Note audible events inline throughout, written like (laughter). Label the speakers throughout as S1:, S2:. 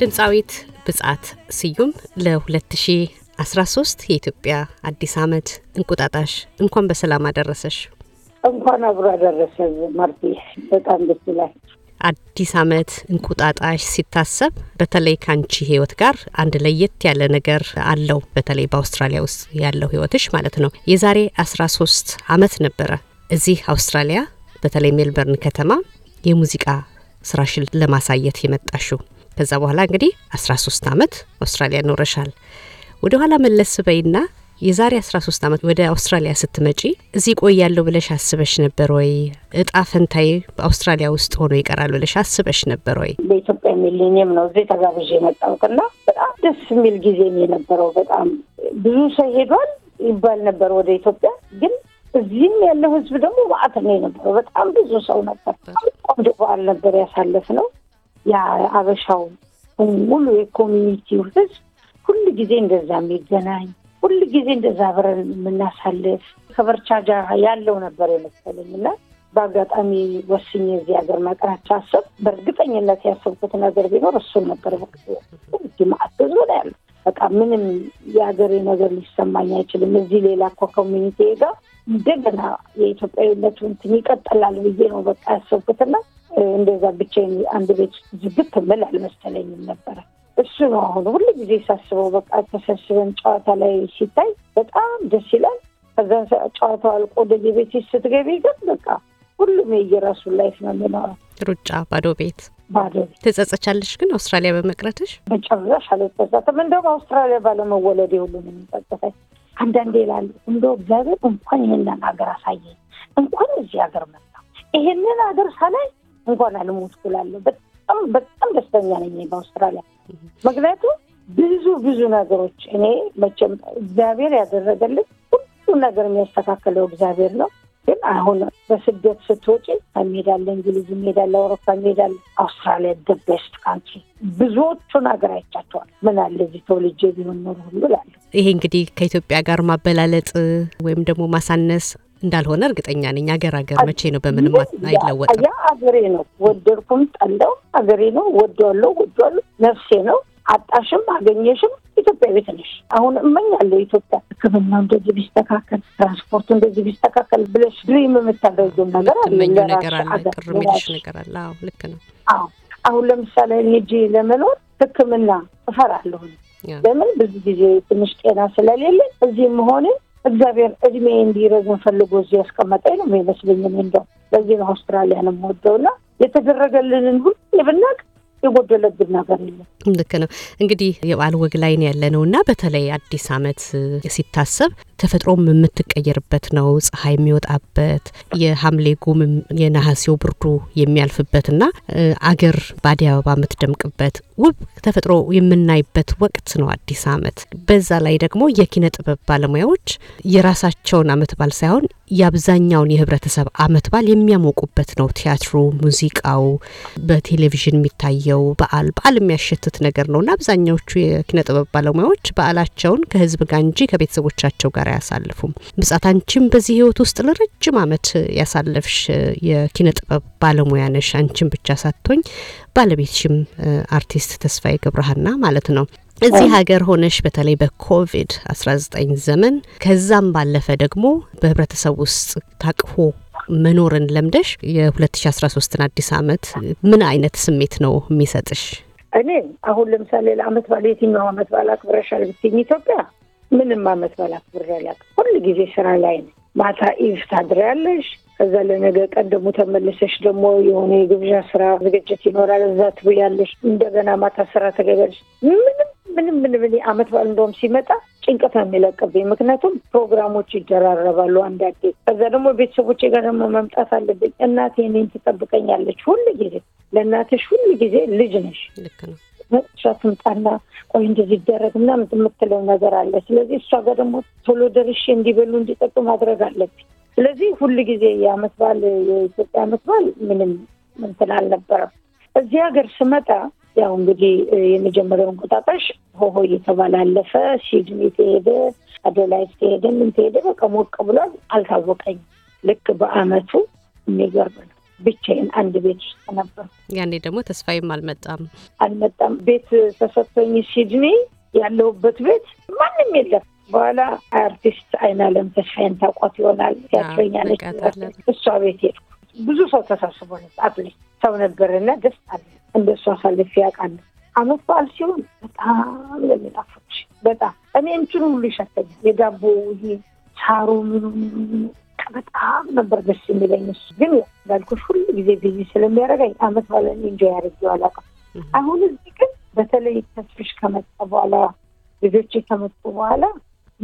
S1: ድምፃዊት ብጻት ስዩም ለ2013 የኢትዮጵያ አዲስ ዓመት እንቁጣጣሽ እንኳን በሰላም አደረሰሽ።
S2: እንኳን አብሮ አደረሰ ማርቲ። በጣም ደስ ይላል።
S1: አዲስ ዓመት እንቁጣጣሽ ሲታሰብ በተለይ ከአንቺ ህይወት ጋር አንድ ለየት ያለ ነገር አለው። በተለይ በአውስትራሊያ ውስጥ ያለው ህይወትሽ ማለት ነው። የዛሬ 13 ዓመት ነበረ እዚህ አውስትራሊያ በተለይ ሜልበርን ከተማ የሙዚቃ ስራሽን ለማሳየት የመጣሽው ከዛ በኋላ እንግዲህ 13 ዓመት አውስትራሊያ ኖረሻል። ወደ ኋላ መለስ በይና የዛሬ 13 ዓመት ወደ አውስትራሊያ ስትመጪ እዚህ ቆያለሁ ብለሽ አስበሽ ነበር ወይ? እጣ ፈንታይ በአውስትራሊያ ውስጥ ሆኖ ይቀራል ብለሽ አስበሽ ነበር ወይ?
S2: በኢትዮጵያ የሚልኝም ነው እዚህ ተጋብዤ የመጣሁትና በጣም ደስ የሚል ጊዜ የነበረው። በጣም ብዙ ሰው ሄዷል ይባል ነበር ወደ ኢትዮጵያ ግን እዚህም ያለው ህዝብ ደግሞ ማዕት ነው የነበረው። በጣም ብዙ ሰው ነበር። ቆንጆ በዓል ነበር ያሳለፍ ነው። የአበሻው ሙሉ የኮሚኒቲው ህዝብ ሁል ጊዜ እንደዛ የሚገናኝ ሁሉ ጊዜ እንደዛ አብረን የምናሳልፍ ከበርቻጃ ያለው ነበር የመሰለኝ እና በአጋጣሚ ወስኝ እዚህ ሀገር መቅረት አሰብ በእርግጠኝነት ያሰብኩት ነገር ቢኖር እሱን ነበር። ማአት ብዙ ላይ ያለ በቃ ምንም የሀገሬ ነገር ሊሰማኝ አይችልም። እዚህ ሌላ እኮ ኮሚኒቲ ጋር እንደገና የኢትዮጵያዊነቱ እንትን ይቀጥላል ብዬ ነው በቃ ያሰብኩትና እንደዛ ብቻዬን አንድ ቤት ዝግት ምል አልመሰለኝም ነበረ። እሱ ነው አሁን ሁሉ ጊዜ ሳስበው፣ በቃ ተሰብስበን ጨዋታ ላይ ሲታይ በጣም ደስ ይላል። ከዛ ጨዋታው አልቆ ወደዚህ ቤት ስትገቢ ግን በቃ ሁሉም የየራሱ ላይፍ ነው የሚኖረው። ሩጫ፣ ባዶ ቤት፣ ባዶ ቤት።
S1: ትጸጸቻለሽ ግን
S2: አውስትራሊያ በመቅረትሽ? መጨረሻ አልጸጸትም። እንደውም አውስትራሊያ ባለመወለድ ሁሉ ነው የሚጸጸተኝ። አንዳንዴ ይላሉ እንደው እግዚአብሔር እንኳን ይህንን ሀገር አሳየኝ፣ እንኳን እዚህ ሀገር መጣ፣ ይህንን ሀገር ሳላይ እንኳን አልሞት እላለሁ። በጣም በጣም ደስተኛ ነኝ በአውስትራሊያ። ምክንያቱም ብዙ ብዙ ነገሮች እኔ መቼም እግዚአብሔር ያደረገልኝ ሁሉ ነገር የሚያስተካከለው እግዚአብሔር ነው። ግን አሁን በስደት ስትወጪ ከሚሄዳለ እንግሊዝ የሚሄዳለ አውሮፓ የሚሄዳለ አውስትራሊያ ደቤስት ካንትሪ ብዙዎቹን ሀገር አይቻቸዋል። ምን አለ እዚህ ተወልጄ ቢሆን ኖሮ ሁሉ ላለ
S1: ይሄ እንግዲህ ከኢትዮጵያ ጋር ማበላለጥ ወይም ደግሞ ማሳነስ እንዳልሆነ እርግጠኛ ነኝ። ሀገር ሀገር መቼ ነው በምንም አይለወጥም። ያ
S2: ሀገሬ ነው፣ ወደድኩም ጠላው ሀገሬ ነው። ወዷለው ወዷለው ነፍሴ ነው። አጣሽም አገኘሽም ኢትዮጵያ ቤት ነሽ። አሁን እመኛለሁ ኢትዮጵያ ሕክምና እንደዚህ ቢስተካከል፣ ትራንስፖርቱ እንደዚህ ቢስተካከል ብለሽ ድሪም የምታደርጊው ነገር አለ ነገር አለ ቅር የሚልሽ ነገር አለ። አዎ ልክ ነው። አዎ አሁን ለምሳሌ ሄጄ ለመኖር ሕክምና እፈራለሁ። ለምን ብዙ ጊዜ ትንሽ ጤና ስለሌለን እዚህ መሆንን እግዚአብሔር እድሜ እንዲረዝም ፈልጎ እዚህ ያስቀመጠኝ ነው የሚመስለኝ። እንደው ለዚህ ነው አውስትራሊያን የምወደውና የተደረገልንን ሁሉ ብናቅ የጎደለብን ነገር የለም።
S1: ልክ ነው። እንግዲህ የበዓል ወግ ላይ ነው ያለ ነው እና በተለይ አዲስ አመት ሲታሰብ ተፈጥሮም የምትቀየርበት ነው። ፀሐይ የሚወጣበት የሐምሌ ጉም የነሐሴው ብርዱ የሚያልፍበትና አገር በአዲስ አበባ የምትደምቅበት ውብ ተፈጥሮ የምናይበት ወቅት ነው አዲስ ዓመት። በዛ ላይ ደግሞ የኪነ ጥበብ ባለሙያዎች የራሳቸውን ዓመት በዓል ሳይሆን የአብዛኛውን የህብረተሰብ ዓመት በዓል የሚያሞቁበት ነው። ቲያትሩ፣ ሙዚቃው፣ በቴሌቪዥን የሚታየው በዓል በዓል የሚያሸትት ነገር እና አብዛኛዎቹ የኪነ ጥበብ ባለሙያዎች በዓላቸውን ከህዝብ ጋር እንጂ ከቤተሰቦቻቸው ጋር አያሳልፉም። ብጻት አንቺም በዚህ ህይወት ውስጥ ለረጅም አመት ያሳለፍሽ የኪነ ጥበብ ባለሙያ ነሽ። አንቺም ብቻ ሳትሆኝ ባለቤትሽም አርቲስት ተስፋዬ ገብረሃና ማለት ነው። እዚህ ሀገር ሆነሽ በተለይ በኮቪድ 19 ዘመን ከዛም ባለፈ ደግሞ በህብረተሰብ ውስጥ ታቅፎ መኖርን ለምደሽ የ2013ን አዲስ አመት ምን አይነት ስሜት ነው የሚሰጥሽ?
S2: እኔ አሁን ለምሳሌ ለአመት ባለ የትኛው አመት በዓል አክብረሻል ብትይኝ ኢትዮጵያ ምንም አመት በላት ብር ያላት ሁል ጊዜ ስራ ላይ ነው። ማታ ኢቭ ታድሪያለሽ። ከዛ ለነገ ቀን ደግሞ ተመልሰሽ ደግሞ የሆነ የግብዣ ስራ ዝግጅት ይኖራል። እዛ ትብያለሽ። እንደገና ማታ ስራ ተገቢያለሽ። ምንም ምንም ምንም አመት በዓል እንደውም ሲመጣ ጭንቀት ነው የሚለቅብኝ። ምክንያቱም ፕሮግራሞች ይደራረባሉ አንዳንዴ። ከዛ ደግሞ ቤተሰቦች ጋር ደግሞ መምጣት አለብኝ። እናቴ እኔን ትጠብቀኛለች ሁል ጊዜ። ለእናትሽ ሁል ጊዜ ልጅ ነሽ። ልክ ነው መጥሻ ስምጣና ቆይ እንደዚህ ይደረግ ምናምን የምትለው ነገር አለ። ስለዚህ እሷ ጋር ደግሞ ቶሎ ደርሼ እንዲበሉ እንዲጠጡ ማድረግ አለብኝ። ስለዚህ ሁል ጊዜ የአመት በዓል የኢትዮጵያ አመት በዓል ምንም እንትን አልነበረም። እዚህ ሀገር ስመጣ ያው እንግዲህ የመጀመሪያው እንቁጣጣሽ ሆሆ እየተባለ አለፈ። ሲድኒ ተሄደ፣ አደላይድ ተሄደ፣ ምን ተሄደ፣ በቃ ሞቅ ብሏል። አልታወቀኝም። ልክ በአመቱ የሚገርም ነው። ብቻዬን አንድ ቤት ውስጥ ነበር።
S1: ያኔ ደግሞ ተስፋዬም አልመጣም
S2: አልመጣም። ቤት ተሰጥቶኝ ሲድኒ ያለሁበት ቤት ማንም የለም። በኋላ አርቲስት አይናለም ተስፋዬን ታውቋት ይሆናል። ትያትረኛ እሷ ቤት ሄድኩ። ብዙ ሰው ተሳስቦ አትሊስት ሰው ነበርና ደስ አለ። እንደ እሷ አሳልፌ አውቃለሁ። አመት በዓል ሲሆን በጣም ለሚጣፎች በጣም እኔ እንትን ሁሉ ይሸተኛል። የዳቦ ይሄ ሳሩ ምኑ በቃ በጣም ነበር ደስ የሚለኝ። እሱ ግን ባልኩሽ ሁሉ ጊዜ ቢዚ ስለሚያደርገኝ አመት ባለን እንጆ ያደርገው አላውቅም። አሁን እዚህ ግን በተለይ ተስፍሽ ከመጣ በኋላ ልጆች ከመጡ በኋላ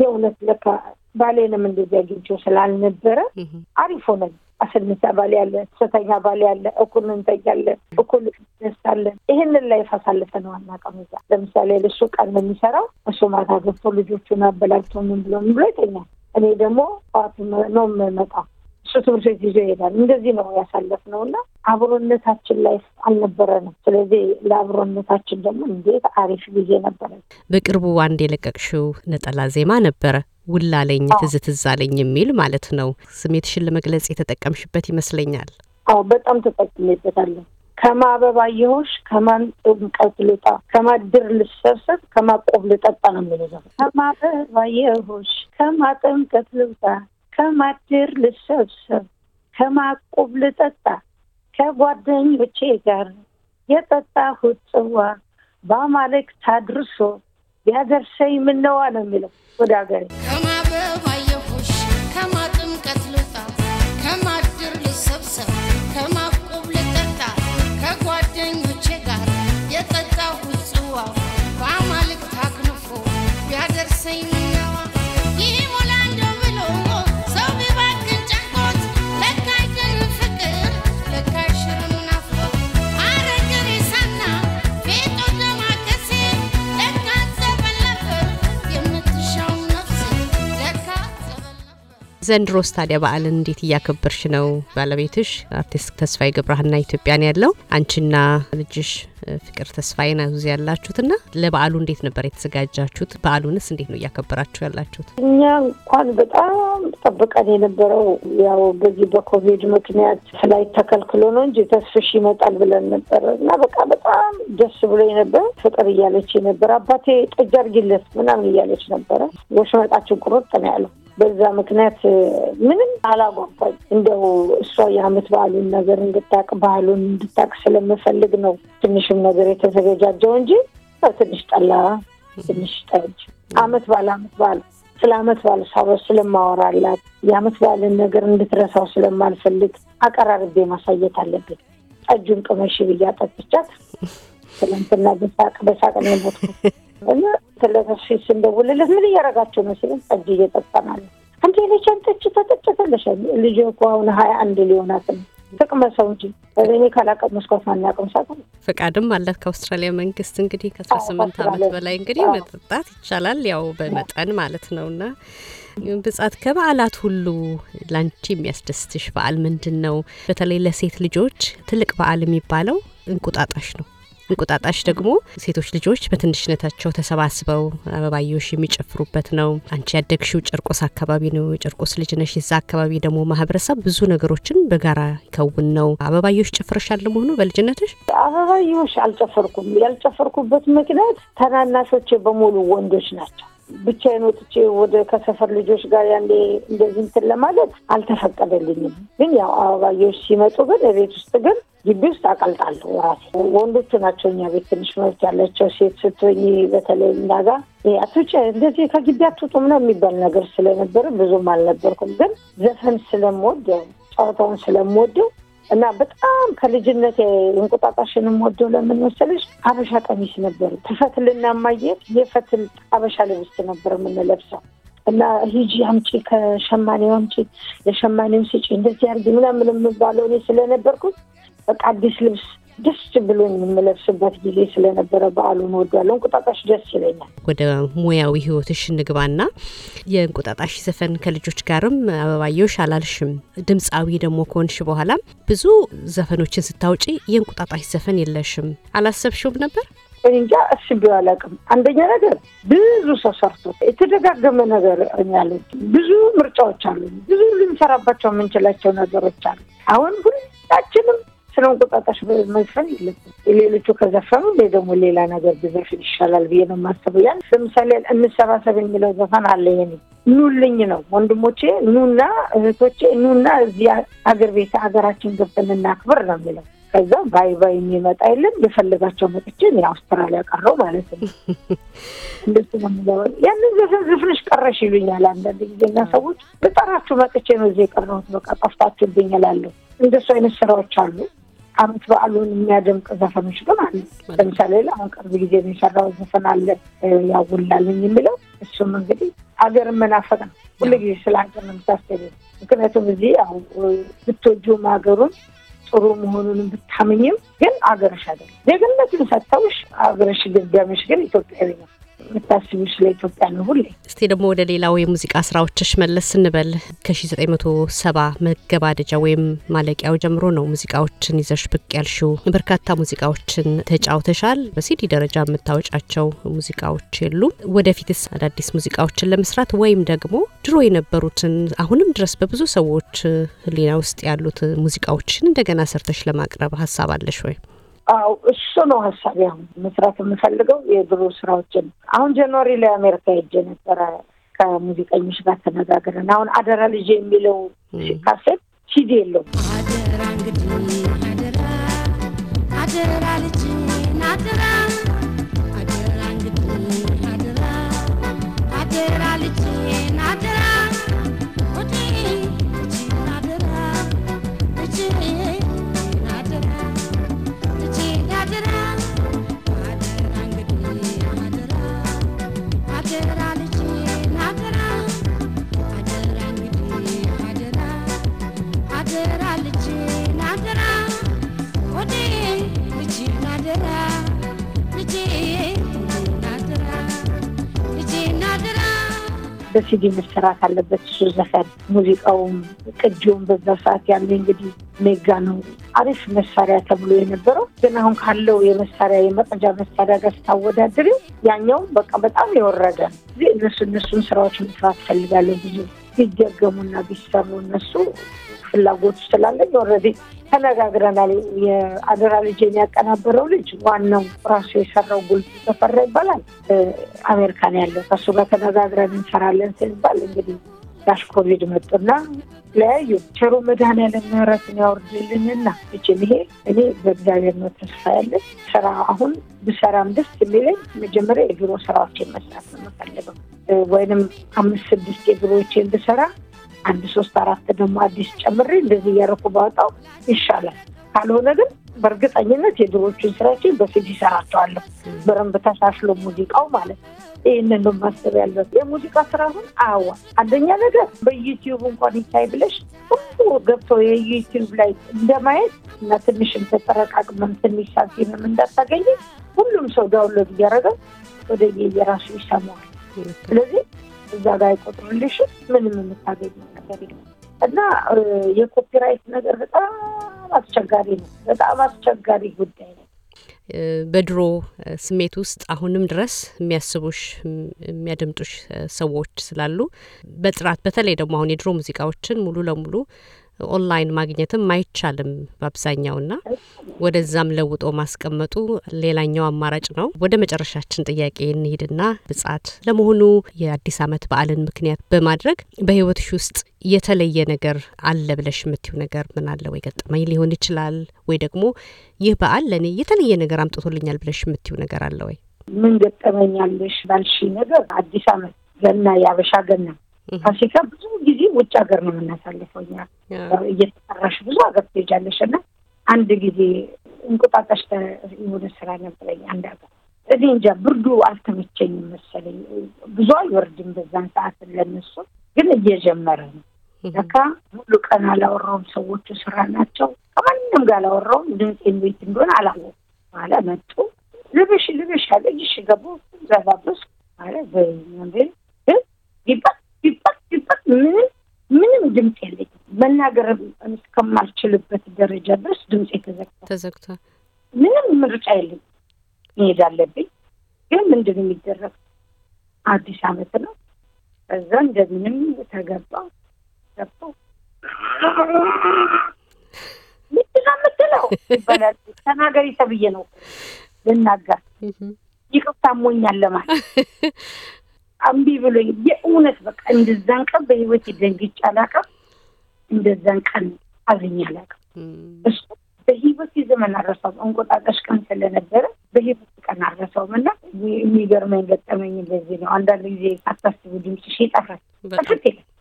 S2: የእውነት ለካ ባሌንም እንደዚህ አግኝቼው ስላልነበረ አሪፍ ሆነ። አስልሳ ባሌ አለ፣ ሶስተኛ ባሌ አለ፣ እኩል እንተኛለን፣ እኩል ነሳለን። ይህንን ላይፍ አሳልፈን ዋና ቀምዛ ለምሳሌ ለሱ ቀን የሚሰራው እሱ ማታ ገብቶ ልጆቹን አበላልቶ ምን ብሎ ምን ብሎ ይተኛል። እኔ ደግሞ ጠዋት ነው መጣ እሱ ትምህርት ቤት ይዞ ይሄዳል። እንደዚህ ነው ነው እና አብሮነታችን ላይ አልነበረንም። ስለዚህ ለአብሮነታችን ደግሞ እንዴት አሪፍ ጊዜ ነበረ።
S1: በቅርቡ አንድ የለቀቅሽው ነጠላ ዜማ ነበረ ውላለኝ ትዝ የሚል ማለት ነው። ስሜትሽን ለመግለጽ የተጠቀምሽበት ይመስለኛል።
S2: አዎ በጣም ተጠቅሜበታለሁ። ከማበባ የሆሽ ከማን ጥምቀት ልጣ ልሰብሰብ ከማቆብ ልጠጣ ነው የሚለው ዘፈን። ከማበባ የሆሽ ከማ ልብጣ ከማድር ልሰብሰብ ከማቆብ ልጠጣ ከጓደኞቼ ጋር የጠጣሁት ጽዋ በአማልክ ታድርሶ ቢያደርሰኝ ምነዋ ነው የሚለው ወደ ሀገሬ የሆሽ ከማ
S1: ዘንድሮስ ታዲያ በዓልን እንዴት እያከበርሽ ነው? ባለቤትሽ አርቲስት ተስፋይ ገብረሃና ኢትዮጵያን ያለው አንቺና ልጅሽ ፍቅር ተስፋዬ ናዙ ያላችሁትና ለበዓሉ እንዴት ነበር የተዘጋጃችሁት? በዓሉንስ እንዴት ነው እያከበራችሁ ያላችሁት?
S2: እኛ እንኳን በጣም ጠብቀን የነበረው ያው በዚህ በኮቪድ ምክንያት ፍላይት ተከልክሎ ነው እንጂ ተስፍሽ ይመጣል ብለን ነበር እና በቃ በጣም ደስ ብሎ ነበር። ፍቅር እያለች ነበር አባቴ ጠጅ አድርጊለት ምናምን እያለች ነበረ። ወሽመጣችን ቁርጥ ነው ያለው በዛ ምክንያት ምንም አላጓጓኝ። እንደው እሷ የአመት በዓሉን ነገር እንድታቅ ባህሉን እንድታቅ ስለምፈልግ ነው ትንሽም ነገር የተዘገጃጀው እንጂ ትንሽ ጠላ፣ ትንሽ ጠጅ አመት በዓል አመት በዓል ስለ አመት በዓል ሳበ ስለማወራላት የአመት በዓልን ነገር እንድትረሳው ስለማልፈልግ አቀራርቤ ማሳየት አለብን። ጠጁን ቅመሽ ብዬ አጠጥቻት ትናንትና በሳቅ በሳቅ ነው እና ስለተሽ ስንደውልለት ምን እያረጋቸው ነው ሲለን ጠጅ እየጠጣናለ። አንድ የለቻን አንጠች ተጠጭተለሽ ልጅ እኮ አሁን ሀያ አንድ ሊሆናት ነው ጥቅመ ሰው እንጂ እኔ ካላቀመስኳት ማናቅም ሳ
S1: ፈቃድም አለት ከአውስትራሊያ መንግስት እንግዲህ ከአስራ ስምንት አመት በላይ እንግዲህ መጠጣት ይቻላል፣ ያው በመጠን ማለት ነው። እና ብጻት ከበዓላት ሁሉ ላንቺ የሚያስደስትሽ በዓል ምንድን ነው? በተለይ ለሴት ልጆች ትልቅ በዓል የሚባለው እንቁጣጣሽ ነው። እንቁጣጣሽ ደግሞ ሴቶች ልጆች በትንሽነታቸው ተሰባስበው አበባዮሽ የሚጨፍሩበት ነው። አንቺ ያደግሽው ጨርቆስ አካባቢ ነው። ጨርቆስ ልጅ ነሽ። የዛ አካባቢ ደግሞ ማህበረሰብ ብዙ ነገሮችን በጋራ ይከውን ነው። አበባዮሽ ጨፍረሻል ለመሆኑ በልጅነትሽ?
S2: አበባዮሽ አልጨፈርኩም። ያልጨፈርኩበት ምክንያት ተናናሾቼ በሙሉ ወንዶች ናቸው። ብቻዬን ወጥቼ ወደ ከሰፈር ልጆች ጋር ያኔ እንደዚህ እንትን ለማለት አልተፈቀደልኝም። ግን ያው አበባዮች ሲመጡ ግን ቤት ውስጥ ግን ግቢ ውስጥ አቀልጣለሁ ራሴ። ወንዶቹ ናቸው እኛ ቤት ትንሽ መብት ያላቸው። ሴት ስትሆኝ በተለይ እንዳጋ አትውጭ እንደዚህ ከግቢ አትውጡም ነው የሚባል ነገር ስለነበረ ብዙም አልነበርኩም። ግን ዘፈን ስለምወደው ጨዋታውን ስለምወደው እና በጣም ከልጅነት እንቁጣጣሽን ወደው ለምን መሰለሽ አበሻ ቀሚስ ነበር ትፈትልና ማየት የፈትል አበሻ ልብስ ነበር የምንለብሰው እና ሂጂ አምጪ ከሸማኔው አምጪ ለሸማኔው ስጪ እንደዚህ አርጊ ምናምን የምባለው እኔ ስለነበርኩት በቃ አዲስ ልብስ ደስ ብሎኝ የምለብስበት ጊዜ ስለነበረ በዓሉን ወዷለሁ። እንቁጣጣሽ ደስ ይለኛል።
S1: ወደ ሙያዊ ሕይወትሽ እንግባና የእንቁጣጣሽ ዘፈን ከልጆች ጋርም አበባየሽ አላልሽም። ድምፃዊ ደግሞ ከሆንሽ በኋላ ብዙ ዘፈኖችን ስታውጪ የእንቁጣጣሽ ዘፈን የለሽም።
S2: አላሰብሽውም ነበር? እንጃ አስቤው አላውቅም። አንደኛ ነገር ብዙ ሰው ሰርቶ የተደጋገመ ነገር ያለ ብዙ ምርጫዎች አሉ። ብዙ ልንሰራባቸው የምንችላቸው ነገሮች አሉ። አሁን ሁላችንም ስለ እንቁጣጣሽ መዝፈን የለብን። ሌሎቹ ከዘፈኑ ላይ ደግሞ ሌላ ነገር ብዘፍን ይሻላል ብዬ ነው የማስበው። ያን ለምሳሌ እንሰባሰብ የሚለው ዘፈን አለ። የኔ ኑልኝ ነው ወንድሞቼ፣ ኑና እህቶቼ፣ ኑና እዚያ አገር ቤት ሀገራችን ገብተን እናክብር ነው የሚለው። ከዛ ባይ ባይ የሚመጣ የለም የፈለጋቸው መጥቼ አውስትራሊያ ቀረው ማለት ነው። እንደሱ ነው የሚለው። ያንን ዘፈን ዘፍንሽ ቀረሽ ይሉኛል አንዳንድ ጊዜና ሰዎች በጠራችሁ መጥቼ ነው እዚህ የቀረሁት በቃ ጠፍታችሁብኝ እላለሁ። እንደሱ አይነት ስራዎች አሉ። አመት በዓሉን የሚያደምቅ ዘፈኖች ግን አለ። ለምሳሌ አሁን ቅርብ ጊዜ የሚሰራው ዘፈን አለ ያውላልኝ የሚለው እሱም እንግዲህ አገር መናፈቅ ነው። ሁሉ ጊዜ ስለ ሀገር ነው የምታስብ። ምክንያቱም እዚህ ያው ብትወጂውም ሀገሩን ጥሩ መሆኑን ብታምኝም ግን አገርሽ አይደለም። ዜግነትን ሰጥተውሽ አገርሽ ግን ግዳሚሽ ግን ኢትዮጵያዊ ነው። የምታስቢው ለኢትዮጵያ ነው ሁሌ።
S1: እስቲ ደግሞ ወደ ሌላው የሙዚቃ ስራዎችሽ መለስ ስንበል ከ ሰባ መገባደጃ ወይም ማለቂያው ጀምሮ ነው ሙዚቃዎችን ይዘሽ ብቅ ያልሽው። በርካታ ሙዚቃዎችን ተጫውተሻል። በሲዲ ደረጃ የምታወጫቸው ሙዚቃዎች የሉም። ወደፊትስ አዳዲስ ሙዚቃዎችን ለመስራት ወይም ደግሞ ድሮ የነበሩትን አሁንም ድረስ በብዙ ሰዎች ሕሊና ውስጥ ያሉት ሙዚቃዎችን እንደገና ሰርተሽ ለማቅረብ ሀሳብ አለሽ ወይም
S2: አው እሱ ነው ሀሳብ አሁን መስራት የምፈልገው የድሮ ስራዎችን አሁን ጀንዋሪ ላይ አሜሪካ ሄጄ ነበረ ከሙዚቀኞች ጋር ተነጋግረን አሁን አደራ ልጅ የሚለው ካሴት ሲዲ የለው። አደራ እንግዲህ አደራ አደራ አደራ አደራ እንግዲህ አደራ አደራ አደራ አደራ በሲዲ መሰራት አለበት። እሱ ዘፈን ሙዚቃውም ቅጂውም በዛ ሰዓት ያለ እንግዲህ ሜጋ ነው አሪፍ መሳሪያ ተብሎ የነበረው ግን አሁን ካለው የመሳሪያ የመቅጃ መሳሪያ ጋር ስታወዳድር ያኛው በቃ በጣም የወረደ እነሱ እነሱን ስራዎች መስራት ፈልጋለሁ ብዙ ቢደገሙና ቢሰሩ እነሱ ፍላጎት ስላለኝ ኦልሬዲ ተነጋግረናል። የአደራ ልጄን ያቀናበረው ልጅ ዋናው ራሱ የሰራው ጉልቱ ተፈራ ይባላል። አሜሪካን ያለው ከሱ ጋር ተነጋግረን እንሰራለን ሲባል እንግዲህ ዳሽ ኮቪድ መጡና ለያዩ ቸሩ መድኃኔዓለም ምሕረትን ያወርድልንና እችን ይሄ እኔ በእግዚአብሔር ነው ተስፋ ያለን ስራ አሁን ብሰራም ደስ የሚለኝ መጀመሪያ የድሮ ስራዎችን መስራት ነው የምፈልገው። ወይንም አምስት ስድስት የድሮዎችን ብሰራ አንድ ሶስት አራት ደግሞ አዲስ ጨምሬ እንደዚህ እያደረኩ ባወጣው ይሻላል። ካልሆነ ግን በእርግጠኝነት የድሮቹን ስራችን በሲዲ እሰራቸዋለሁ በረንብ ተሻሽሎ ሙዚቃው ማለት ነው። ይህንን ነው ማሰብ ያለበት። የሙዚቃ ስራ አሁን አዋ አንደኛ ነገር በዩቲዩብ እንኳን ይታይ ብለሽ ሁሉ ገብተው የዩቲዩብ ላይ እንደማየት እና ትንሽ ተጠረቃቅመም ትንሽ ሳንቲምም እንዳታገኝ ሁሉም ሰው ዳውንሎድ እያደረገ ወደ የራሱ ይሰማዋል። ስለዚህ እዛ ጋር አይቆጥሩልሽም። ምንም የምታገኝ ነገር እና የኮፒራይት ነገር በጣም አስቸጋሪ ነው። በጣም አስቸጋሪ ጉዳይ ነው።
S1: በድሮ ስሜት ውስጥ አሁንም ድረስ የሚያስቡሽ የሚያደምጡሽ ሰዎች ስላሉ በጥራት በተለይ ደግሞ አሁን የድሮ ሙዚቃዎችን ሙሉ ለሙሉ ኦንላይን ማግኘትም አይቻልም በአብዛኛውና ወደዛም ለውጦ ማስቀመጡ ሌላኛው አማራጭ ነው። ወደ መጨረሻችን ጥያቄ እንሂድና ብጻት ለመሆኑ የአዲስ ዓመት በዓልን ምክንያት በማድረግ በህይወትሽ ውስጥ የተለየ ነገር አለ ብለሽ የምትይው ነገር ምን አለ? ወይ ገጠመኝ ሊሆን ይችላል ወይ ደግሞ ይህ በዓል ለእኔ የተለየ ነገር አምጥቶልኛል ብለሽ የምትይው ነገር አለ ወይ?
S2: ምን ገጠመኛለሽ ባልሽ ነገር አዲስ ዓመት ገና፣ የአበሻ ገና ከአፍሪካ ብዙ ጊዜ ውጭ ሀገር ነው የምናሳልፈው እኛ እየተሰራሽ ብዙ ሀገር ትሄጃለሽ እና አንድ ጊዜ እንቁጣጣሽ የሆነ ስራ ነበረኝ አንድ ሀገር እዚህ እንጃ ብርዱ አልተመቸኝ መሰለኝ። ብዙ አይወርድም በዛን ሰዓት ለነሱ ግን እየጀመረ ነው ለካ ሙሉ ቀን አላወራውም። ሰዎቹ ስራ ናቸው። ከማንም ጋር አላወራውም። ድምፅ ቤት እንደሆነ አላወቁ ማለ መጡ። ልብሽ ልብሽ አለ ይሽ ገቡ ዘባብስ ማለት በመንቤል መናገር እስከማልችልበት ደረጃ ድረስ ድምፅ ተዘግቷል ተዘግቷል። ምንም ምርጫ የለኝ መሄድ አለብኝ። ግን ምንድን የሚደረግ አዲስ አመት ነው። ከዛ እንደምንም ተገባ ገባ ምንድን የምትለው ይባላል። ተናገሪ ተብዬ ነው ልናገር ይቅርታ አሞኛል ለማለት አምቢ ብሎኝ የእውነት በቃ እንድዛንቀብ በህይወት ደንግጬ አላውቅም። እንደዛን ቀን አዝኜ አላውቅም። እሱ በህይወት የዘመን አረሳውም። እንቆጣጠሽ ቀን ስለነበረ በህይወት ቀን አረሳውም እና የሚገርመኝ ገጠመኝ በዚህ ነው። አንዳንድ ጊዜ አታስቡ ድምፅሽ ይጠፋል።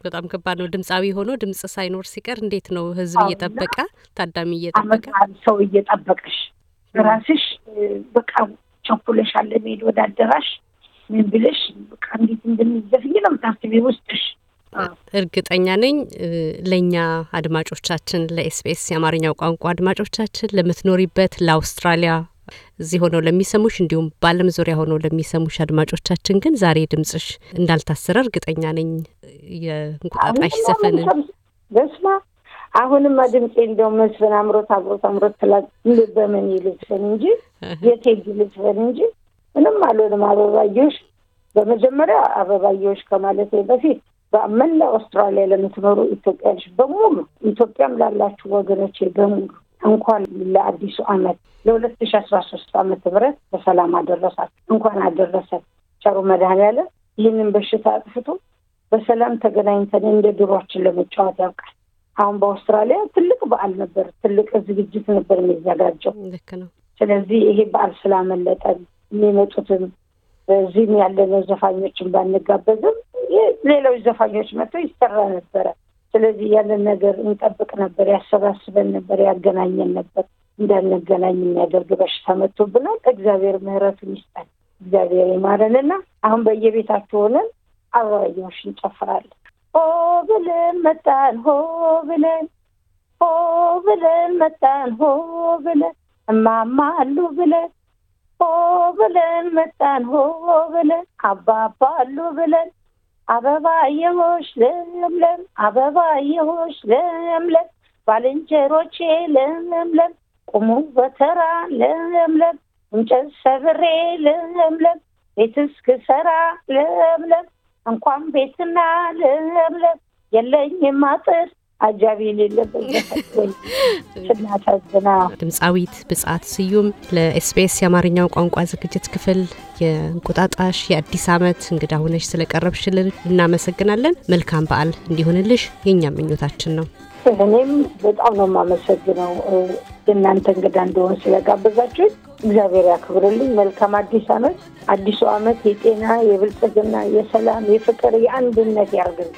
S1: በጣም ከባድ ነው። ድምፃዊ ሆኖ ድምፅ ሳይኖር ሲቀር እንዴት ነው ህዝብ እየጠበቀ ታዳሚ
S2: እየጠበቀ ሰው እየጠበቀሽ ራስሽ በቃ ቸኩለሻል ለመሄድ ወደ አዳራሽ ምን ብለሽ በቃ እንዴት እንደሚዘፍኝ ነው የምታስቢ ውስጥሽ
S1: እርግጠኛ ነኝ ለእኛ አድማጮቻችን ለኤስቢኤስ የአማርኛው ቋንቋ አድማጮቻችን ለምትኖሪበት ለአውስትራሊያ እዚህ ሆነው ለሚሰሙሽ እንዲሁም በዓለም ዙሪያ ሆነው ለሚሰሙሽ አድማጮቻችን ግን ዛሬ ድምጽሽ እንዳልታሰረ እርግጠኛ ነኝ። የእንቁጣጣሽ ዘፈን
S2: በስማ አሁንማ ድምፄ እንደው መስፍን አምሮት አምሮት አምሮት ስላት በምን ይልፍን እንጂ የቴጅ ልፍን እንጂ ምንም አልሆንም። አበባየሽ በመጀመሪያ አበባየሽ ከማለት በፊት በመላው አውስትራሊያ ለምትኖሩ ኢትዮጵያች በሙሉ ኢትዮጵያም ላላችሁ ወገኖቼ በሙሉ እንኳን ለአዲሱ አመት ለሁለት ሺ አስራ ሶስት አመት ምህረት በሰላም አደረሳችሁ። እንኳን አደረሰን። ቸሩ መድኃኔዓለም ይህንን በሽታ አጥፍቶ በሰላም ተገናኝተን እንደ ድሯችን ለመጫወት ያውቃል። አሁን በአውስትራሊያ ትልቅ በዓል ነበር፣ ትልቅ ዝግጅት ነበር የሚዘጋጀው። ልክ ነው። ስለዚህ ይሄ በዓል ስላመለጠን የሚመጡትን በዚህም ያለነው ዘፋኞችን ባንጋበዝም ሌሎች ዘፋኞች መጥተው ይሰራ ነበረ። ስለዚህ ያለን ነገር እንጠብቅ ነበር፣ ያሰባስበን ነበር፣ ያገናኘን ነበር። እንዳንገናኝ የሚያደርግ በሽታ መጥቶብናል። እግዚአብሔር ምሕረቱን ይስጠን፣ እግዚአብሔር ይማረንና አሁን በየቤታችሁ ሆነን አበባየሆሽ እንጨፍራለን። ሆ ብለን መጣን፣ ሆ ብለን ሆ ብለን መጣን፣ ሆ ብለን እማማ አሉ ብለን ሆ ብለን መጣን፣ ሆ ብለን አባባ አሉ ብለን አበባ የሆሽ ለምለም አበባ የሆሽ ለምለም ባልንጀሮቼ ለምለም ቁሙ በተራ ለምለም እንጨት ሰብሬ ለምለም ቤት እስክሰራ ለምለም እንኳን ቤትና ለምለም የለኝም አጥር አጃቢ የሌለበት (laughs) ስናሳዝና።
S1: ድምፃዊት ብጻት ስዩም ለኤስቢኤስ የአማርኛው ቋንቋ ዝግጅት ክፍል የእንቁጣጣሽ የአዲስ ዓመት እንግዳ ሆነሽ ስለቀረብሽልን እናመሰግናለን። መልካም በዓል እንዲሆንልሽ የእኛ ምኞታችን ነው።
S2: እኔም በጣም ነው የማመሰግነው የእናንተ እንግዳ እንደሆን ስለጋበዛችሁኝ። እግዚአብሔር ያክብርልኝ። መልካም አዲስ ዓመት። አዲሱ ዓመት የጤና የብልጽግና፣ የሰላም፣ የፍቅር፣ የአንድነት ያርግልኝ።